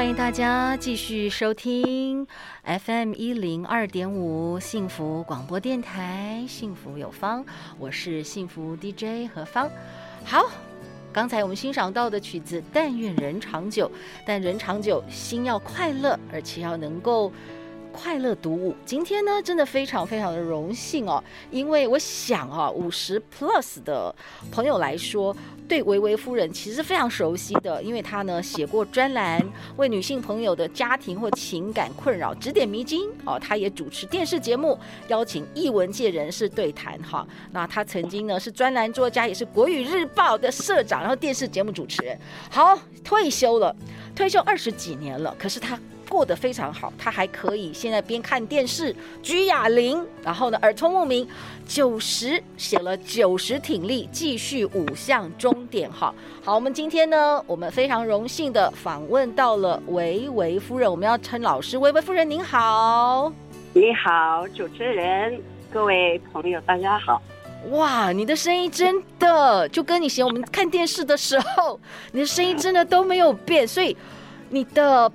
歡迎大家繼續收聽 FM 一零二點五幸福廣播電台，幸福有方，我是幸福 DJ 何方。好，剛才我們欣賞到的曲子《但願人長久》，但人長久，心要快樂，而且要能夠。快樂讀物，今天呢，真的非常非常的榮幸哦，因為我想啊，五十 plus 的朋友來說，對薇薇夫人其實非常熟悉的，因為她呢寫過專欄，為女性朋友的家庭或情感困擾指點迷津哦。她也主持電視節目，邀請藝文界人士對談哈、哦。那她曾經呢是專欄作家，也是國語日報的社長，然後電視節目主持人，好，退休了，退休二十幾年了，可是她。過得非常好，他還可以現在邊看電視舉啞鈴，然後呢耳聰目明，九十寫了九十挺立，繼續舞向終點，好好。我們今天呢，我們非常榮幸的訪問到了薇薇夫人，我們要稱老師薇薇夫人您好，你好主持人，各位朋友大家好，哇，你的聲音真的就跟以前我們看電視的時候，你的聲音真的都沒有變，所以你的。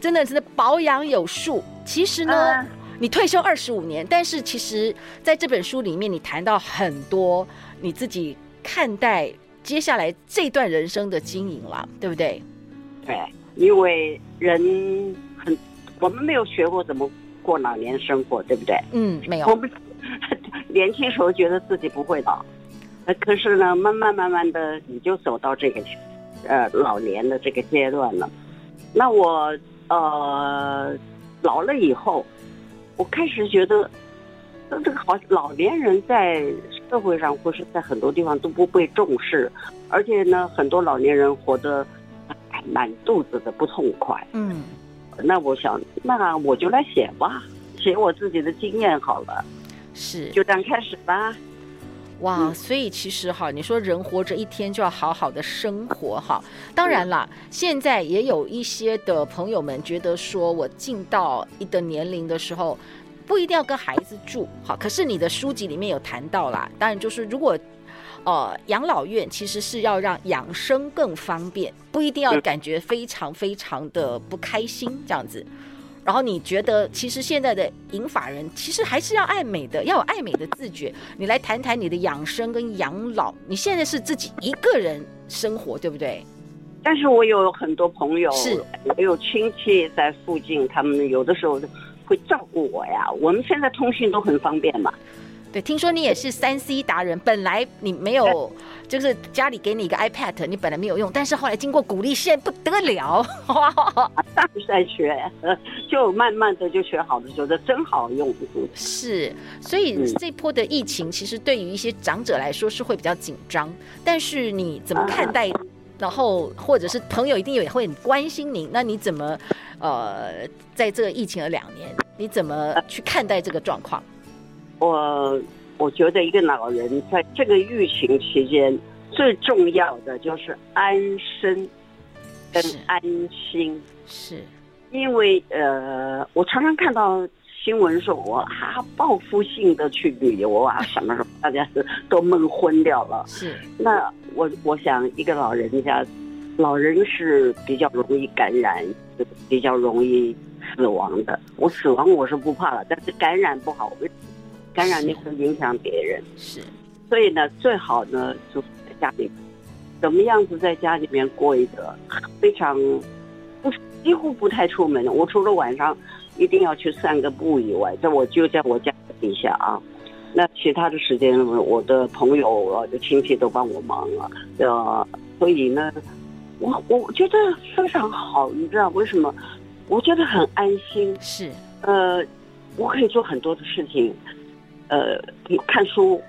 真的是保養有術。其實呢，啊、你退休二十五年，但是其實在這本書裡面，你談到很多你自己看待接下來這段人生的經營了，對不對？對，因為人很，我們沒有學過怎麼過老年生活，對不對？嗯，沒有。我們年輕時候覺得自己不會老，可是呢，慢慢慢慢的，你就走到這個呃老年的這個階段了。那我。呃，老了以後，我開始覺得，這個好，老年人在社會上或是在很多地方都不被重視，而且呢，很多老年人活得滿肚子的不痛快。嗯，那我想，那我就來寫吧，寫我自己的經驗好了。是，就這樣開始吧。哇，所以其實哈，你說人活着一天就要好好的生活哈。當然啦，現在也有一些的朋友們覺得說，我進到一個年齡的時候，不一定要跟孩子住，好，可是你的書籍裡面有談到啦，當然就是如果，呃，養老院其實是要讓養生更方便，不一定要感覺非常非常的不開心這樣子。然後你覺得，其實現在的銀髮人其實還是要愛美的，要有愛美的自覺。你來談談你的養生跟養老。你現在是自己一個人生活，對不對？但是我有很多朋友，是我有親戚在附近，他們有的時候會照顧我呀。我們現在通訊都很方便嘛。對，聽說你也是三 C 達人。本來你沒有，就是家裡給你一個 iPad，你本來沒有用，但是後來經過鼓勵線，現在不得了，上哈在哈哈哈學，就慢慢的就學好了，覺得真好用。是，所以這波的疫情其實對於一些長者來說是會比較緊張。但是你怎麼看待？嗯、然後或者是朋友一定也會很關心你，那你怎麼呃，在這個疫情的兩年，你怎麼去看待這個狀況？我我覺得一個老人在這個疫情期間最重要的就是安身跟安心，是，是因為呃，我常常看到新聞說，我啊報復性的去旅遊啊什麼什麼，大家是都悶昏掉了。是，那我我想一個老人家，老人是比較容易感染，就是、比較容易死亡的。我死亡我是不怕了，但是感染不好。感染力會影響別人，是，是，所以呢，最好呢，就是在家裡面怎麼樣子，在家裡面過一個非常不幾乎不太出門。我除了晚上一定要去散個步以外，在我就在我家底下啊，那其他的時間，我的朋友啊，我的親戚都幫我忙了，呃，所以呢，我我覺得非常好，你知道為什麼？我覺得很安心，是，呃，我可以做很多的事情。呃，看書，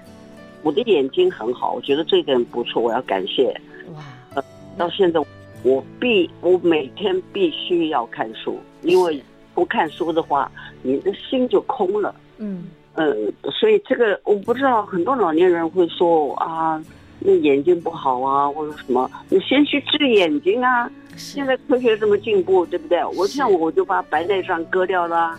我的眼睛很好，我覺得這一點不錯，我要感謝。哇呃，到現在，我必我每天必須要看書，是因為不看書的話，你的心就空了。嗯。呃，所以這個我不知道，很多老年人會說啊，那眼睛不好啊，或者什麼，你先去治眼睛啊。是現在科學這麼進步，對不對？我像我就把白內障割掉了，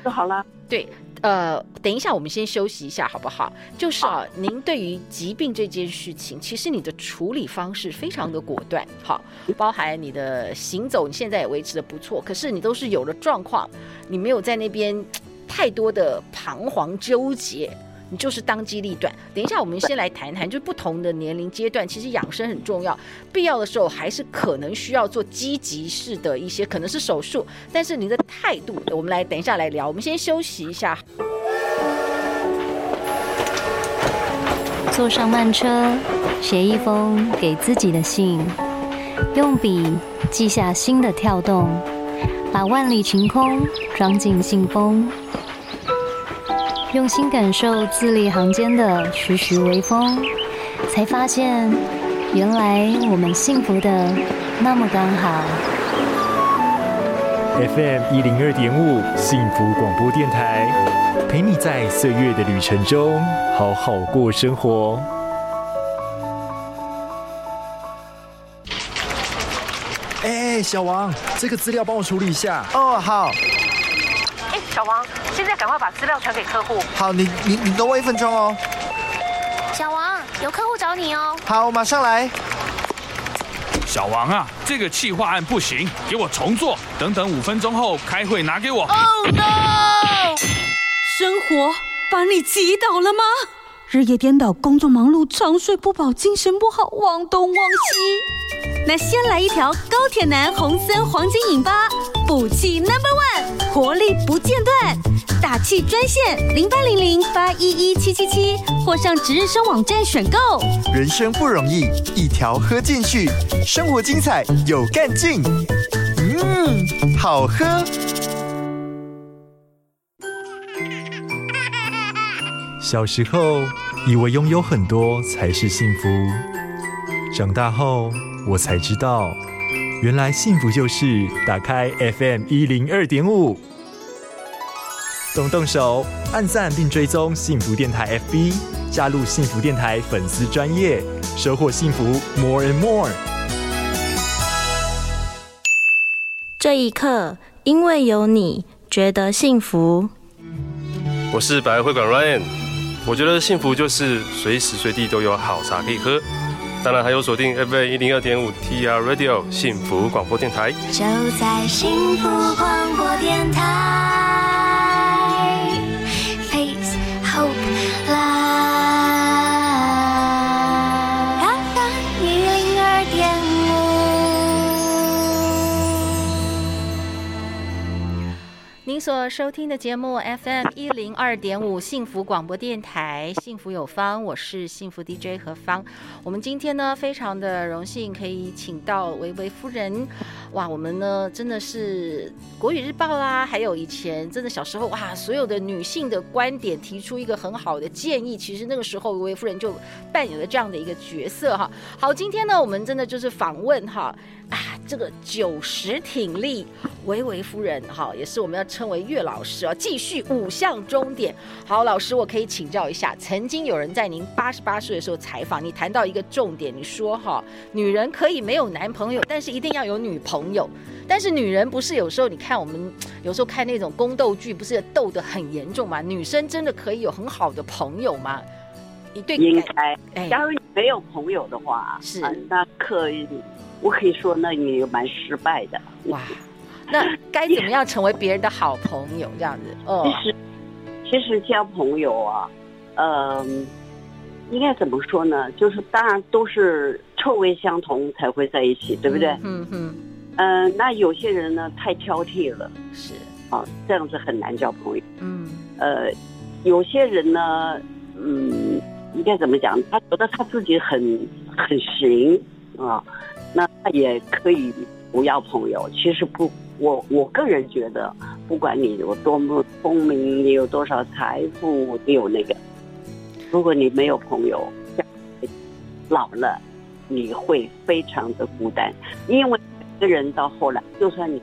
是就好了。對。呃，等一下，我們先休息一下，好不好？就是啊，啊您對於疾病這件事情，其實你的處理方式非常的果斷，好，包含你的行走，你現在也維持得不錯，可是你都是有了狀況，你沒有在那邊太多的彷徨糾結。你就是當機立斷。等一下，我們先來談談，就是不同的年齡階段，其實養生很重要，必要的時候還是可能需要做積極式的一些，可能是手術。但是你的態度，我們來等一下來聊。我們先休息一下，坐上慢車，寫一封給自己的信，用筆記下心的跳動，把萬里晴空裝進信封。用心感受字裡行間的徐徐微風，才發現，原來我們幸福的那麼剛好。FM 102.5幸福廣播電台，陪你在歲月的旅程中好好過生活。哎，小王，這個資料幫我處理一下。哦，好。小王，現在趕快把資料傳給客戶。好，你你你等我一分鐘哦。小王，有客戶找你哦。好，我馬上來。小王啊，這個企劃案不行，給我重做。等等，五分鐘後開會拿給我。Oh no！生活把你擊倒了嗎？日夜顛倒，工作忙碌，長睡不飽，精神不好，忘東忘西。那先來一條高鐵男紅森黃金飲吧，補氣 Number One，活力不間斷，打氣專線零八零零八一一七七七，或上值日生網站選購。人生不容易，一條喝進去，生活精彩有幹勁。嗯，好喝。小時候以為擁有很多才是幸福，長大後。我才知道，原來幸福就是打開 FM 一零二點五，動動手，按讚並追蹤幸福電台 FB，加入幸福電台粉絲專頁，收穫幸福 more and more。這一刻，因為有你，覺得幸福。我是百樂會館 Ryan，我覺得幸福就是隨時隨地都有好茶可以喝。當然還有鎖定 FM 一零二點五 TR Radio 幸福廣播電台，就在幸福廣播電台。所收聽的節目 FM 一零二點五幸福廣播電臺，幸福有方，我是幸福 DJ 何方。我們今天呢，非常的榮幸可以請到薇薇夫人。哇，我們呢真的是國語日報啦，啊，還有以前真的小時候哇，所有的女性的觀點提出一個很好的建議。其實那個時候薇薇夫人就扮演了這樣的一個角色哈。好，今天呢我們真的就是訪問哈啊這個九十挺立，薇薇夫人哈也是我們要稱為樂老師啊，繼續舞向終點。好，老師，我可以請教一下，曾經有人在您八十八歲的時候採訪你，談到一個重點，你說哈，女人可以沒有男朋友，但是一定要有女朋友。朋友，但是女人不是有時候？你看我們有時候看那種宮鬥劇，不是鬥得很嚴重嗎？女生真的可以有很好的朋友嗎？你對應該，假如，哎、你沒有朋友的話，是、嗯、那可以，我可以說那你也蠻失敗的哇。那該怎麼樣成為別人的好朋友？ 這樣子，哦，其實其實交朋友啊，嗯、呃，應該怎麼說呢？就是當然都是臭味相同才會在一起，對不對？嗯嗯。嗯嗯嗯、呃，那有些人呢太挑剔了，是啊，這樣子很難交朋友。嗯，呃，有些人呢，嗯，應該怎麼講？他覺得他自己很很行啊，那他也可以不要朋友。其實不，我我個人覺得，不管你有多麼聰明，你有多少財富，你有那個，如果你沒有朋友，老了你會非常的孤單，因為。一個人到後來，就算你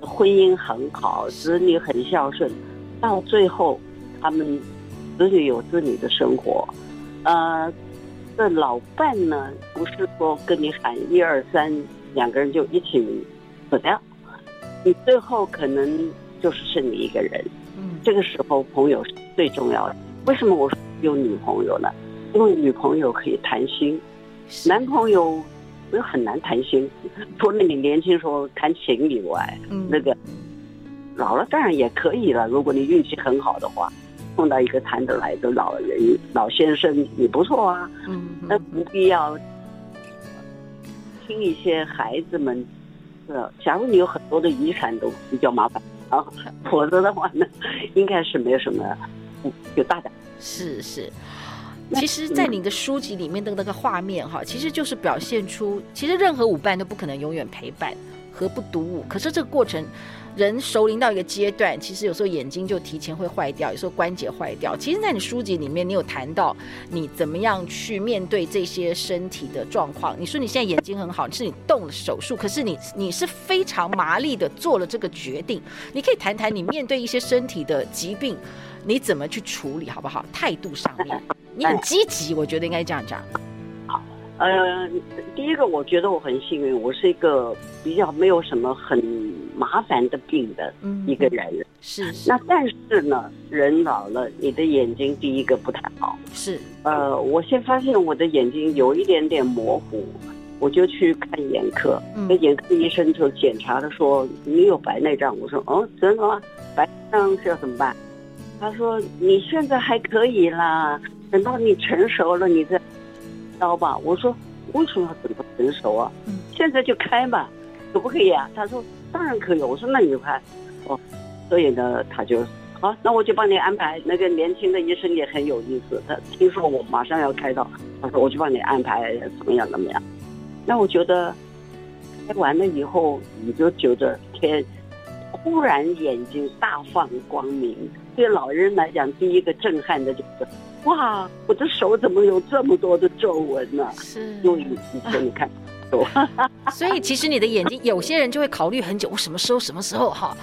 婚姻很好，子女很孝順，到最後他們子女有子女的生活，呃，這老伴呢，不是說跟你喊一二三，兩個人就一起死掉，你最後可能就是剩你一個人。嗯，這個時候朋友是最重要的。為什麼我說有女朋友呢？因為女朋友可以談心，男朋友。那很難談心，除了你年輕時候談情以外，那個老了當然也可以了。如果你運氣很好的話，碰到一個談得來的老人，老先生也不錯啊。那不必要聽一些孩子們。是，假如你有很多的遺產，都比較麻煩啊。否則的話呢，應該是沒有什麼，就大膽。是是。其實在你的書籍裡面的那個畫面哈，其實就是表現出，其實任何舞伴都不可能永遠陪伴。和不讀物？可是這個過程，人熟齡到一個階段，其實有時候眼睛就提前會壞掉，有時候關節壞掉。其實，在你書籍裡面，你有談到你怎麼樣去面對這些身體的狀況。你說你現在眼睛很好，是你動了手術，可是你你是非常麻利的做了這個決定。你可以談談你面對一些身體的疾病，你怎麼去處理，好不好？態度上面，你很積極，我覺得應該這樣講。呃，第一個我覺得我很幸運，我是一個比較沒有什麼很麻煩的病的一個人。嗯嗯，是是。那但是呢，人老了，你的眼睛第一個不太好。是。呃，我先發現我的眼睛有一點點模糊，嗯、我就去看眼科。嗯、那眼科醫生就檢查的說，你有白內障。我說哦，真的嗎？白內障是要怎麼辦？他說你現在還可以啦，等到你成熟了，你再。刀吧，我說為什麼要等到成熟啊？現在就開嘛，可不可以啊？他說當然可以。我說那你就開哦，所以呢，他就好、啊，那我就幫你安排。那個年輕的醫生也很有意思，他聽說我馬上要開刀，他說我就幫你安排怎麼樣怎麼樣。那我覺得開完了以後，你就覺得天，忽然眼睛大放光明。對老人來講，第一個震撼的就是，哇，我的手怎麼有這麼多的皺紋呢、啊？是，用一個儀器你看，多。所以其實你的眼睛，有些人就會考慮很久，我、哦、什麼時候什麼時候哈，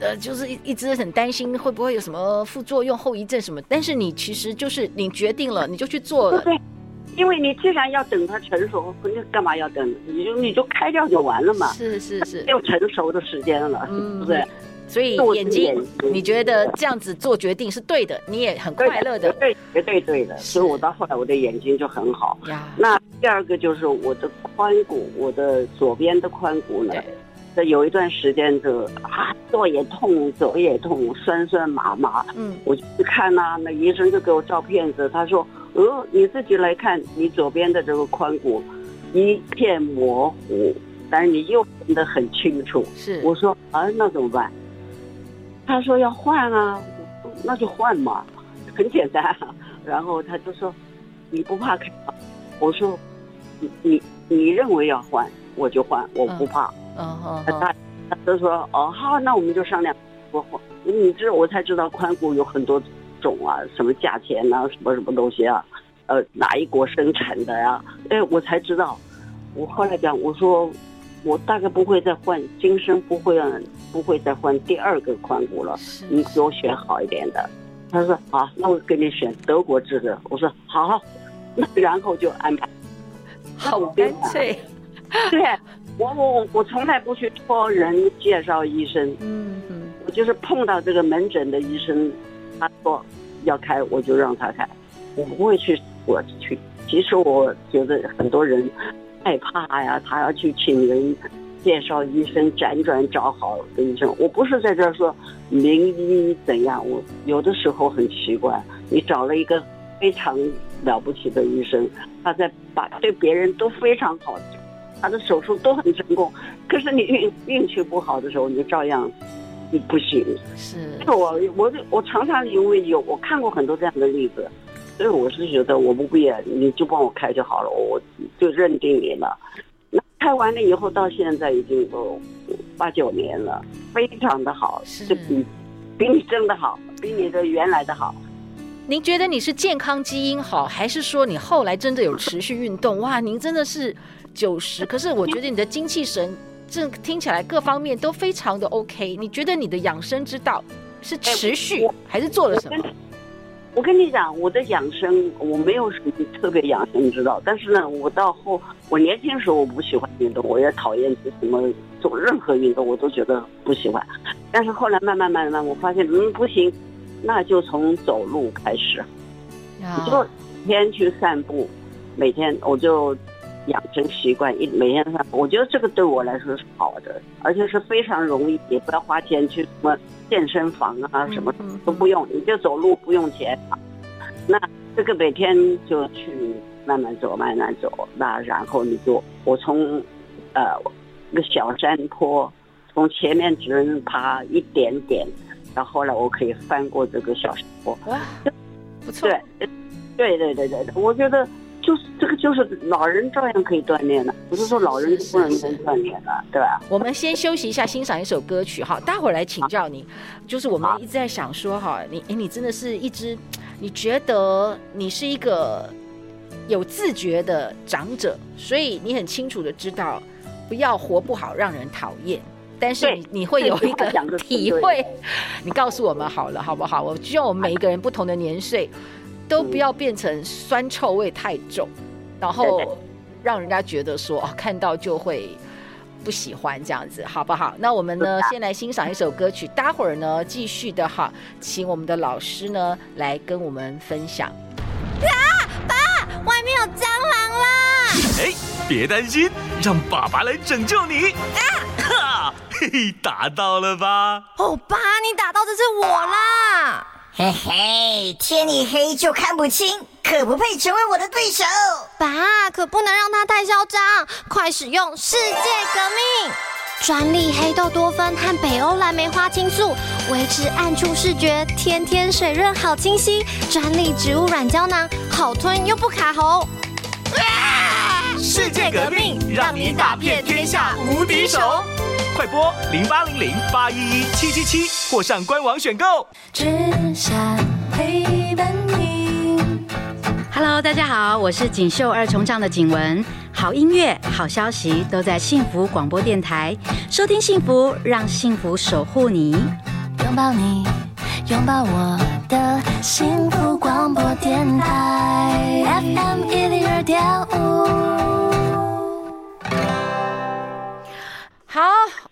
呃，就是一一直很擔心會不會有什麼副作用、後遺症什麼。但是你其實就是你決定了，你就去做了。對，因為你既然要等它成熟，你幹嘛要等？你就你就開掉就完了嘛。是是是，是是沒有成熟的時間了，嗯、是不是？所以眼睛，眼睛你覺得這樣子做決定是對的，啊、你也很快樂的，對，絕對對的。是所以，我到後來我的眼睛就很好。呀那第二個就是我的髖骨，我的左邊的髖骨呢，對在有一段時間就啊，坐也痛，走也痛，酸酸麻麻。嗯，我就去看吶、啊，那醫生就給我照片子，他說，呃，你自己來看，你左邊的這個髖骨一片模糊，但是你右邊的很清楚。是，我說啊，那怎麼辦？他說要換啊，那就換嘛，很簡單。啊。然後他就說：“你不怕開刀？”我說：“你你你認為要換，我就換，我不怕。嗯”然、嗯、後、嗯嗯、他他就說：“哦，好，那我們就商量。”我換你這我才知道髖骨有很多種啊，什麼價錢啊，什麼什麼東西啊，呃，哪一國生產的呀、啊？哎，我才知道。我後來講，我說我大概不會再換，今生不會了。不會再換第二個髖骨了，你給我選好一點的。他說好、啊，那我給你選德國製的。我說好，那然後就安排。好，乾脆， 對，我我我從來不去托人介紹醫生，嗯， 我就是碰到這個門診的醫生，他說要開，我就讓他開，我不會去我去。其實我覺得很多人害怕呀，他要去請人。介紹醫生，輾轉找好的醫生。我不是在這說名醫怎樣。我有的時候很奇怪，你找了一個非常了不起的醫生，他在把對別人都非常好，他的手術都很成功。可是你運，運氣不好的時候，你就照樣你不行。是。我我我常常因為有我看過很多這樣的例子，所以我是覺得我不閉眼，你就幫我開就好了，我就認定你了。拍完了以後，到現在已經有八九年了，非常的好，是比比你真的好，比你的原來的好。您覺得你是健康基因好，還是說你後來真的有持續運動？哇，您真的是九十，可是我覺得你的精氣神，這聽起來各方面都非常的 OK。你覺得你的養生之道是持續，哎、還是做了什麼？我跟你講，我的養生我沒有什麼特別養生之道，但是呢，我到後我年輕時候我不喜歡運動，我也討厭去什麼做任何運動，我都覺得不喜歡。但是後來慢慢慢慢，我發現嗯不行，那就從走路開始，我就每天去散步，每天我就養成習慣一每天散步。我覺得這個對我來說是好的，而且是非常容易，也不要花錢去什麼。健身房啊，什麼都不用，你就走路不用錢。那這個每天就去慢慢走，慢慢走。那然後你就我從，呃，一個小山坡，從前面只能爬一點點，到後，後來我可以翻過這個小山坡。不錯。對，對對對對我覺得。這個就是老人照樣可以鍛鍊的，不是說老人不能鍛鍊的，是是是，對吧？我們先休息一下，欣賞一首歌曲哈。待會兒來請教你，啊、就是我們一直在想說好哈，你哎，你真的是一隻，你覺得你是一個有自覺的長者，所以你很清楚地知道，不要活不好，讓人討厭。但是你對你會有一個體會，你告訴我們好了，好不好？我希望我們每一個人不同的年歲。啊嗯都不要變成酸臭味太重，然後讓人家覺得說、哦、看到就會不喜歡這樣子，好不好？那我們呢，先來欣賞一首歌曲，待會兒呢繼續的哈，請我們的老師呢來跟我們分享。爸、啊，爸，外面有蟑螂啦！哎、欸，別擔心，讓爸爸來拯救你。啊，嘿嘿，打到了吧？哦，爸，你打到的是我啦。嘿嘿，天一黑就看不清，可不配成為我的對手。爸，可不能讓他太囂張，快使用世界革命專利黑豆多酚和北歐藍莓花青素，維持暗處視覺，天天水潤好清晰。專利植物軟膠囊，好吞又不卡喉。啊世界革命，讓你打遍天下無敵手！快撥零八零零八一一七七七，或上官網選購。只想陪伴你。Hello，大家好，我是錦繡二重唱的景文。好音樂，好消息，都在幸福廣播電台。收聽幸福，讓幸福守護你。擁抱你，擁抱我的幸福廣播電台。FM 一零二點。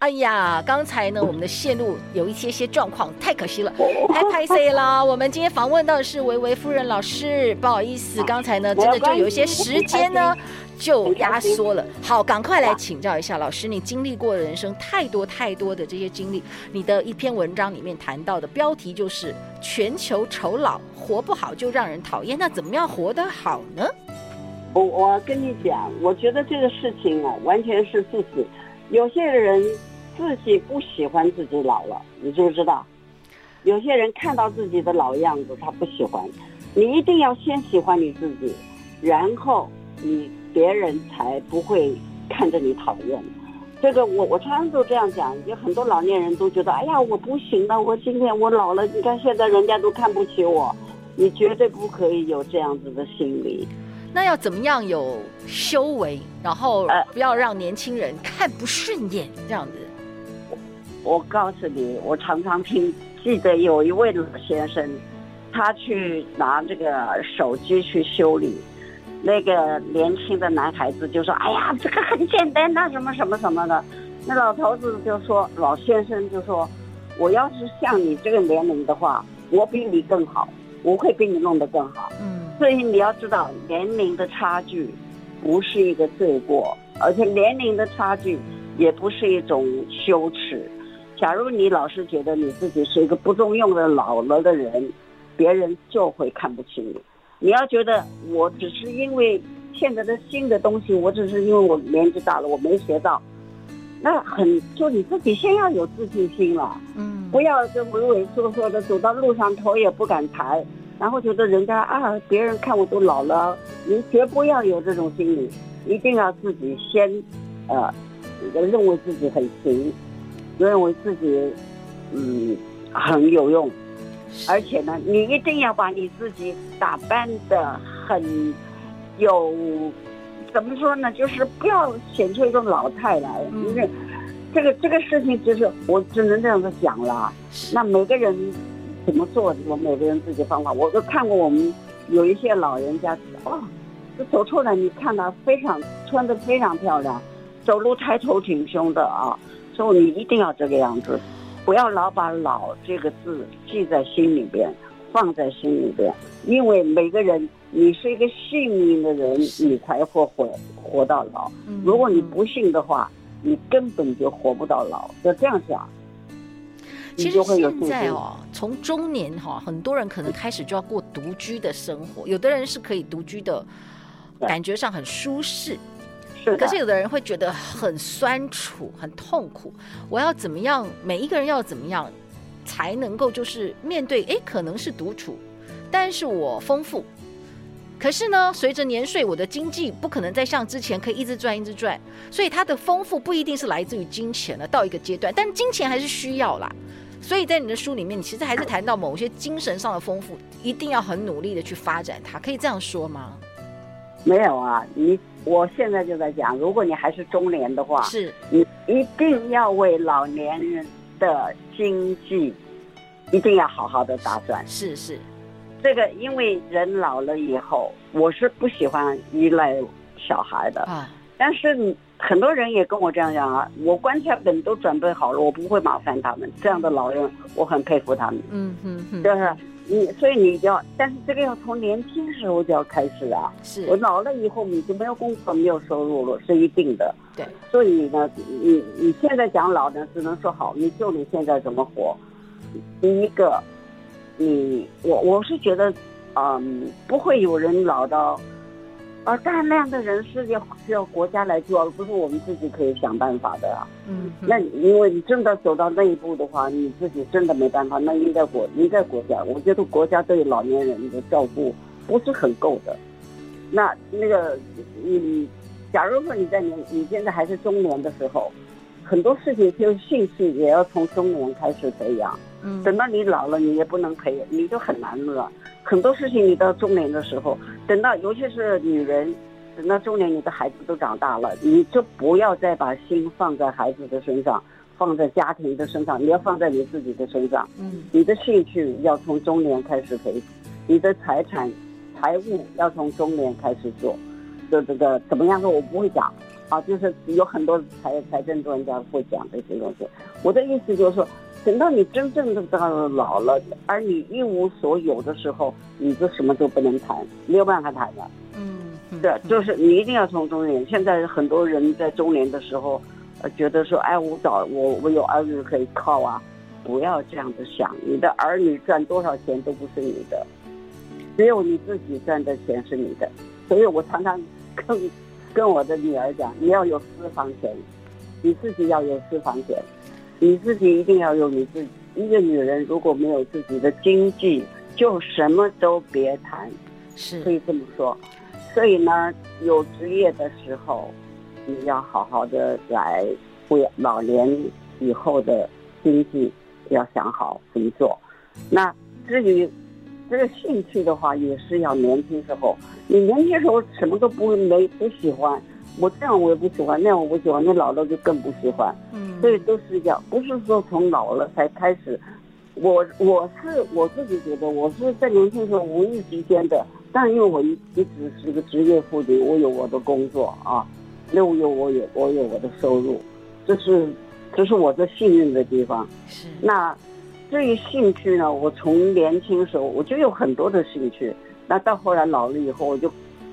哎呀，剛才呢，我們的線路有一些些狀況，太可惜了。Oh, 太可惜了！啊、我們今天訪問到的是薇薇夫人老師，不好意思，剛才呢，真的就有一些時間呢就壓縮了。好，趕快來請教一下老師，你經歷過的人生太多太多的這些經歷，啊、你的一篇文章裡面談到的標題就是“全球仇老，活不好就讓人討厭”，那怎麼樣活得好呢？我我跟你講，我覺得這個事情啊，完全是自己有些人。自己不喜歡自己老了，你知不知道？有些人看到自己的老樣子，他不喜歡。你一定要先喜歡你自己，然後你別人才不會看着你討厭。這個我我常常都這樣講，有很多老年人都覺得，哎呀，我不行了，我今天我老了，你看現在人家都看不起我。你絕對不可以有這樣子的心理。那要怎麼樣有修為，然後不要讓年輕人看不順眼，呃，這樣子？我告訴你，我常常聽，記得有一位老先生，他去拿這個手機去修理，那個年輕的男孩子就說：“哎呀，這個很簡單吶，那什麼什麼什麼的。”那老頭子就說：“老先生就說，我要是像你這個年齡的話，我比你更好，我會比你弄得更好。”嗯，所以你要知道，年齡的差距不是一個罪過，而且年齡的差距也不是一種羞恥。假如你老是覺得你自己是一個不中用的老了的人，別人就會看不起你。你要覺得我只是因為現在的新的東西，我只是因為我年紀大了，我沒學到。那很就你自己先要有自信心了。嗯。不要這畏畏縮縮的走到路上，頭也不敢抬，然後覺得人家啊，別人看我都老了。你絕不要有這種心理，一定要自己先，呃，認為自己很行。認為自己嗯很有用，而且呢，你一定要把你自己打扮得很有，怎麼說呢？就是不要顯出一種老態來。嗯、因為這個這個事情，就是我只能這樣子講了。那每個人怎麼做，我每個人自己的方法。我都看過，我們有一些老人家啊，這、哦、走出來，你看他、啊、非常穿得非常漂亮，走路抬頭挺胸的啊。你一定要這個樣子，不要老把「老」這個字記在心裡邊，放在心裡邊。因為每個人，你是一個幸運的人，你才會活活到老。如果你不幸的話，你根本就活不到老。就這樣想。其實現在哦，從中年哈、哦，很多人可能開始就要過獨居的生活。有的人是可以獨居的，感覺上很舒適。可是有的人會覺得很酸楚，很痛苦。我要怎麼樣？每一個人要怎麼樣，才能夠就是面對？哎，可能是獨處，但是我豐富。可是呢，隨着年歲，我的經濟不可能再像之前可以一直賺、一直賺。所以，它的豐富不一定是來自於金錢的。到一個階段，但金錢還是需要啦。所以在你的書裡面，你其實還是談到某些精神上的豐富，一定要很努力的去發展它。可以這樣說嗎？沒有啊，你。我現在就在講，如果你還是中年的話，是，你一定要為老年人的經濟，一定要好好的打算。是是，這個因為人老了以後，我是不喜歡依賴小孩的啊。但是很多人也跟我這樣講啊，我棺材本都準備好了，我不會麻煩他們。這樣的老人，我很佩服他們。嗯嗯嗯，就是。你所以你就要，但是這個要從年輕時候就要開始啊！是，我老了以後你就沒有工作沒有，收入了，是一定的。對，所以呢，你你現在講老呢，只能說好，你就你現在怎麼活？第一個，你我我是覺得，嗯、呃，不會有人老到。而大量的人是要需要國家來做，而不是我們自己可以想辦法的啊。嗯哼，那因為你真的走到那一步的話，你自己真的沒辦法，那應該國應該國家。我覺得國家對老年人的照顧不是很夠的。那那個你，假如說你在年你現在還是中年的時候，很多事情就興趣也要從中年開始培養。嗯，等到你老了，你也不能培養，你就很難了。很多事情，你到中年的時候，等到尤其是女人，等到中年，你的孩子都長大了，你就不要再把心放在孩子的身上，放在家庭的身上，你要放在你自己的身上。你的興趣要從中年開始培養，你的財產、財務要從中年開始做，就這個怎麼樣的，我不會講，啊，就是有很多財財政專家會講這些東西，我的意思就是說。等到你真正的到老了，而你一無所有的時候，你就什麼都不能談，沒有辦法談了。嗯，是對，嗯、就是你一定要從中年。現在很多人在中年的時候，呃，覺得說，哎，我找我，我有兒女可以靠啊，不要這樣子想。你的兒女賺多少錢都不是你的，只有你自己賺的錢是你的。所以我常常跟跟我的女兒講，你要有私房錢，你自己要有私房錢。你自己一定要有你自己。一個女人如果沒有自己的經濟，就什麼都別談，是，可以這麼說。是所以呢，有職業的時候，你要好好的來，為老年以後的經濟要想好怎麼做。那至於這個興趣的話，也是要年輕時候，你年輕時候什麼都不沒不喜歡。我這樣我也不喜歡，那樣我不喜歡，那老了就更不喜歡。嗯，所以都是一樣，不是說從老了才開始。我我是我自己覺得，我是在年輕時候無意之間的，但因為我一直是個職業婦女，我有我的工作啊，那我有我有我有我的收入，這是這是我的幸運的地方。是。那對於興趣呢？我從年輕時候我就有很多的興趣，那到後來老了以後我就。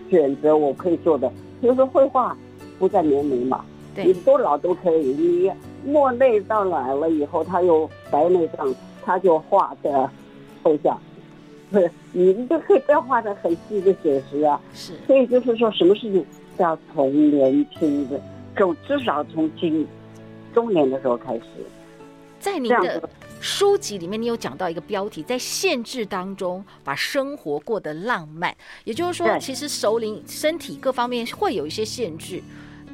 選擇我可以做的，就是繪畫，不在年齡嘛，對你多老都可以。你莫內到老了以後，他又白內障，他就畫的抽象，不是，你就可以不要畫的很細的寫實啊。是所以就是說，什麼事情要從年輕的，就至少從今中年的時候開始，在你的。這樣子書籍裡面你有講到一個標題，在限制當中把生活過得浪漫，也就是說，其實首領身體各方面會有一些限制，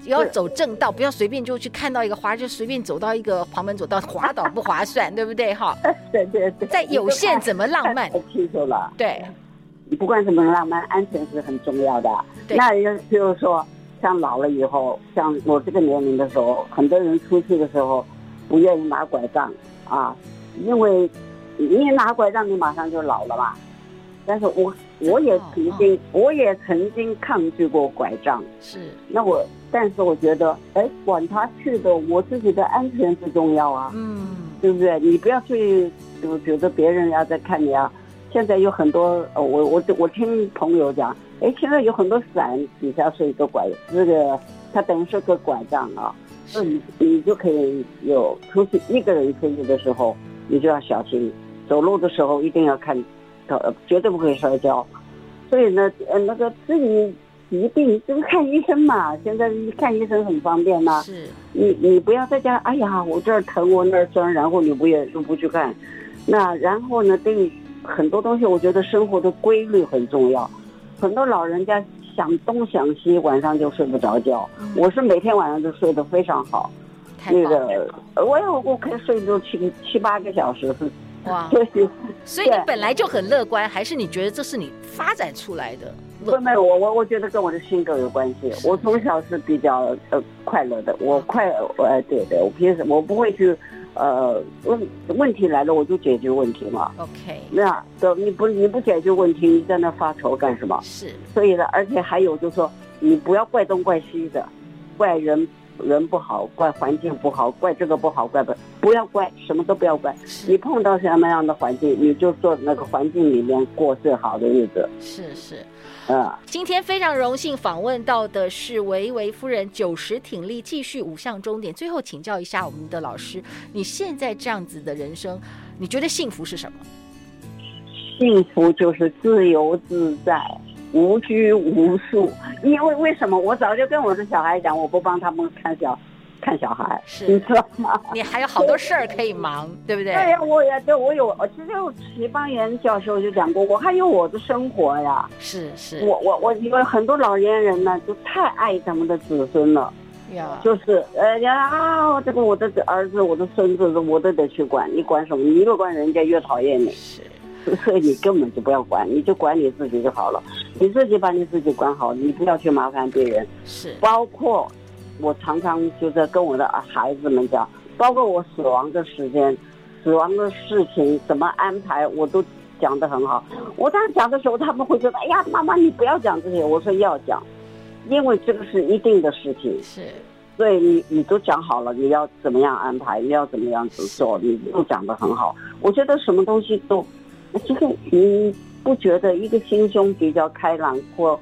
要走正道，不要隨便就去看到一個滑，就隨便走到一個旁門左道滑倒不划算， 對不對？哈， 對對，對，在有限怎麼浪漫？清楚 了。對，不管怎麼浪漫，安全是很重要的。對那也就是說，像老了以後，像我這個年齡的時候，很多人出去的時候不願意拿拐杖啊。因為你拿拐杖，你馬上就老了嘛。但是我我也曾經，哦哦、我也曾經抗拒過拐杖。是。那我，但是我覺得，哎，管他去的，我自己的安全最重要啊。嗯。對不對？你不要去，就覺得別人要在看你啊。現在有很多，呃、我我我聽朋友講，哎，現在有很多傘底下是一個拐，這個它等於是個拐杖啊。那你是、嗯、你就可以有出去一個人出去的時候。你就要小心，走路的時候一定要看到，絕對不會摔跤。所以呢，呃，那個自己一定，病就看醫生嘛，現在看醫生很方便吶。是，你你不要在家，哎呀，我這兒疼，我那兒酸，然後你不也就不去看。那然後呢，對很多東西，我覺得生活的規律很重要。很多老人家想東想西，晚上就睡不着覺。我是每天晚上都睡得非常好。那個，我有，我可以睡足七七八個小時，哇！ 對所以，你本來就很樂觀，對還是你覺得這是你發展出來的？沒有，我我我覺得跟我的性格有關係。我從小是比較呃快樂的，我快、哦、呃對對，我平時我不會去呃問，問題來了我就解決問題嘛。OK，那樣，你不你不解決問題，你在那發愁幹什麼？是，所以呢，而且還有就是說，你不要怪東怪西的，怪人。人不好，怪環境不好，怪這個不好，怪不不要怪，什麼都不要怪。是你碰到什麼樣的環境，你就做那個環境裡面過最好的日子。是是，啊、嗯，今天非常榮幸訪問到的是薇薇夫人，九十挺立，繼續舞向終點。最後請教一下我們的老師，你現在這樣子的人生，你覺得幸福是什麼？幸福就是自由自在。無拘無束，因為為什麼？我早就跟我的小孩講，我不幫他們看小，看小孩，是你知道嗎？你還有好多事兒可以忙，對，對不對？對、哎、呀，我也對我有。其實齊邦彥教授就講過，我還有我的生活呀。是是。我我我，我我因為很多老年人呢，就太愛咱們的子孫了，Yeah. 就是呃，啊，這個我的兒子，我的孫子，我都得去管。你管什麼？你越管人家越討厭你。是。所以你根本就不要管，你就管你自己就好了。你自己把你自己管好，你不要去麻煩別人。是，包括我常常就在跟我的孩子們講，包括我死亡的時間、死亡的事情怎麼安排，我都講得很好。我當時講的時候，他們會覺得：“哎呀，媽媽，你不要講這些。”我說：“要講，因為這個是一定的事情。”是，所以你你都講好了，你要怎麼樣安排，你要怎麼樣子做，你都講得很好。我覺得什麼東西都。其實你不覺得一個心胸比較開朗或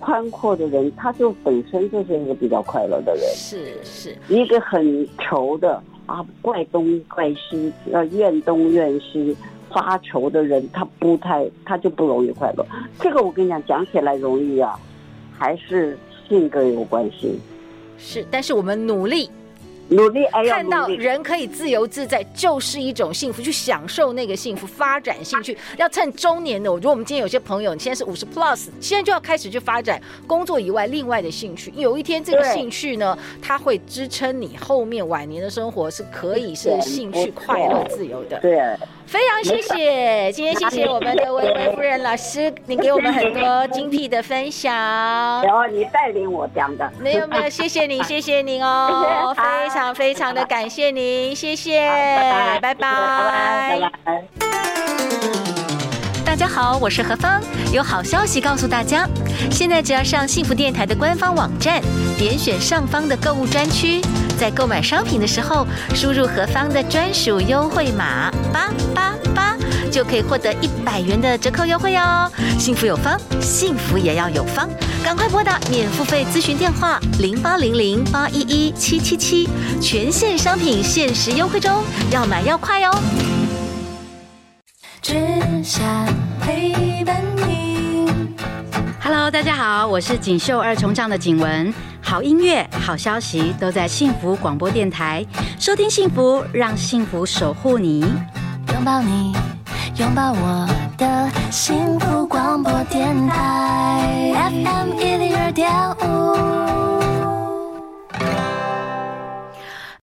寬闊的人，他就本身就是一個比較快樂的人？是是。是一個很愁的啊，怪東怪西，要怨東怨西，發愁的人，他不太他就不容易快樂。這個我跟你講，講起來容易啊，還是性格有關係。是，但是我們努力。努力，努力，看到人可以自由自在，就是一種幸福。去享受那個幸福，發展興趣，要趁中年的。我，如果我們今天有些朋友，你現在是五十 plus，現在就要開始去發展工作以外另外的興趣。有一天這個興趣呢，對它會支撐你後面晚年的生活，是可以是興趣、快樂、自由的。對。對對非常謝謝，沒事，今天謝謝我們的薇薇夫人老師，謝謝你給我們很多精闢的分享。然後你帶領我講的，沒有沒有，謝謝你，謝謝你哦，非常非常的感謝您，謝謝，拜拜，拜，拜，嗯。大家好，我是何芳，有好消息告訴大家，現在只要上幸福電臺的官方網站，點選上方的購物專區。在購買商品的時候，輸入何方的專屬優惠碼八八八，就可以獲得一百元的折扣優惠哦。幸福有方，幸福也要有方，趕快撥打免付費諮詢電話零八零零八一一七七七，7, 全線商品限時優惠中，要買要快喲、哦。只想陪伴你。Hello，大家好，我是錦繡二重唱的景文。好音樂、好消息都在幸福廣播電台，收聽幸福，讓幸福守護你，擁抱你，擁抱我的幸福廣播電台，FM 一零二點五。